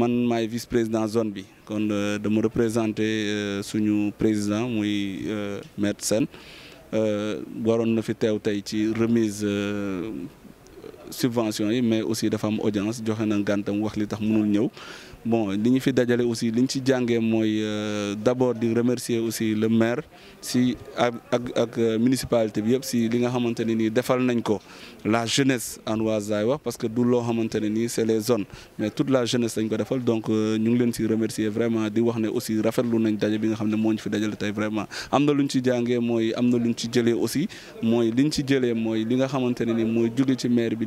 man maay vice président zone bi kon euh, me représenter euh, suñu président muy euh, maître Sène waroon na fi teew tey ci remise subvention mais aussi dafa am audience joxe na gàntam wax li tax mënul ñëw bon li ñu fi dajale aussi li ñu ci jàngee euh, d'abord di remercier aussi le maire si ak ak euh, municipalité bi si li nga xamante ne nii defal nañ ko la jeunesse anoise wax parce que du loo xamante ne c'est les zones mais toute la jeunesse lañ ko defal donc euh, ñu ngi leen remercier vraiment di wax aussi rafetlu nañ daje bi nga xam ne moo ñu fi vraiment am na lu moi, ci jàngee mooy ci aussi moi, li ñu ci jëlee mooy li nga xamante ne nii mooy ci maire bi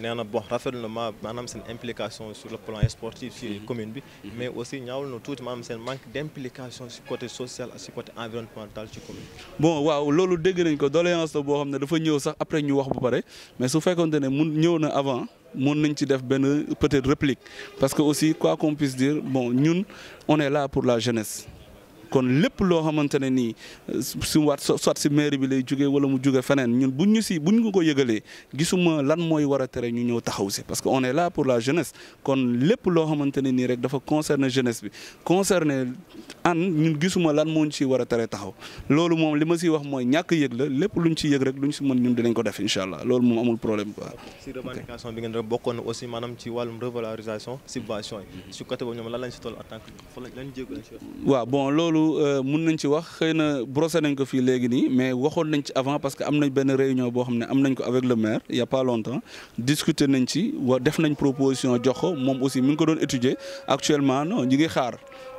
nee na bon rafetlu na ma maanaam implication sur le plan sportif ci mhm. commune bi mhm. mais aussi ñawul no tout manam sen manque d'implication sur côté social ak côté environnemental ci commune bon waaw lolu dégg nañ ko doléance bo xamné dafa ñëw sax après ñu wax bu pare mais su fekkonte ne mun ñëw na avant mon nañ ci def ben peut-être réplique parce que aussi quoi qu'on puisse dire bon ñun on est là pour la jeunesse kon lepp lo xamante ni nii su waat soit si mairie bi lay jógee wala mu jóge fenen ñun buñ ñu si buñ ko yëgalee gisuma lan moy wara téré ñu ñëw taxaw parce que on est là pour la jeunesse kon lepp lo xamante ni rek dafa concerner jeunesse bi concerner an ñun gisuma lan moñ ci wara téré taxaw loolu mom li ma si wax moy ñak yëg la lepp luñ ci yëg rek luñ ci mën ñun dinañ ko def inshallah allah loolu moom amul problème quoi. si revendication bi ngeen bokkoon aussi manam ci walum revalorisation subvention yi. su côté bo ñom lan lañ ci toll en tant que lañ si wa bon loolu euh, mun nañ ci wax xëy na nañ ko fii léegi nii mais waxoon nañ ci avant parce que am nañ benn réunion boo xam ne am nañ ko avec le maire il y a pas longtemps discuter nañ ci wa def nañ proposition jox ko moom aussi mi ko doon étudier actuellement non ñu ngi xaar.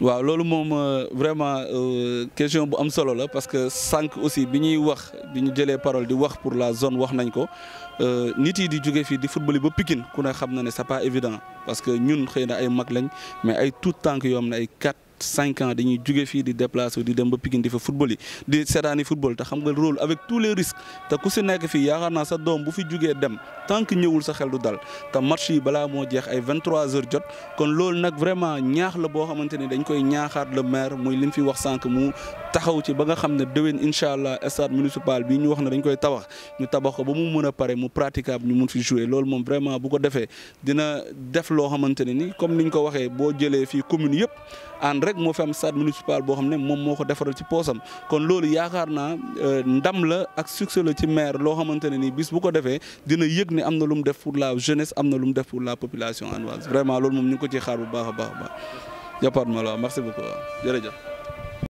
C'est euh, une euh, question qui est très importante. Parce que 5 aussi, si vous voulez dire les paroles pour la zone, vous avez dit que le football est un peu plus que Ce n'est pas évident. Parce que nous sommes tous les gens qui ont des maquillages, mais tout le temps, nous avons des quatre. 5 ans dañuy jóge fi di déplacer di dem ba Pikine di fa football yi di seetaani football te xam nga rôle avec tous les risques te ku si nekk fii yaakaar naa sa dom bu fi jugee dem tant que ñewul sa xel du dal te match yi bala mo jeex ay 23 trois heures jot kon lool nak vraiment ñaax la bo xamanteni dañ koy ñaaxaat le maire muy lim fi wax sank mu taxaw ci ba nga xamné ne inshallah incha stade municipal bi ñu wax na dañ koy tabax ñu tabax ko ba mu mëna paré mu praticable ñu mun fi jouer lool mom vraiment bu ko défé dina def lo xamanteni ni comme niñ ko waxé bo jëlé fi commune yépp ànd rek mo fi am stade municipal bo xamné mom moko défaral ci posam kon loolu yaakar na euh, ndam la ak succès la ci maire lo xamanteni ni bis bu ko défé dina yegg ni amna na lu mu def pour la jeunesse amna na lu mu def pour la population anoise vraiment lool mom ñu ko ci xaar bu baax baax baax jàppaat ma la merci beaucoup jërëjëf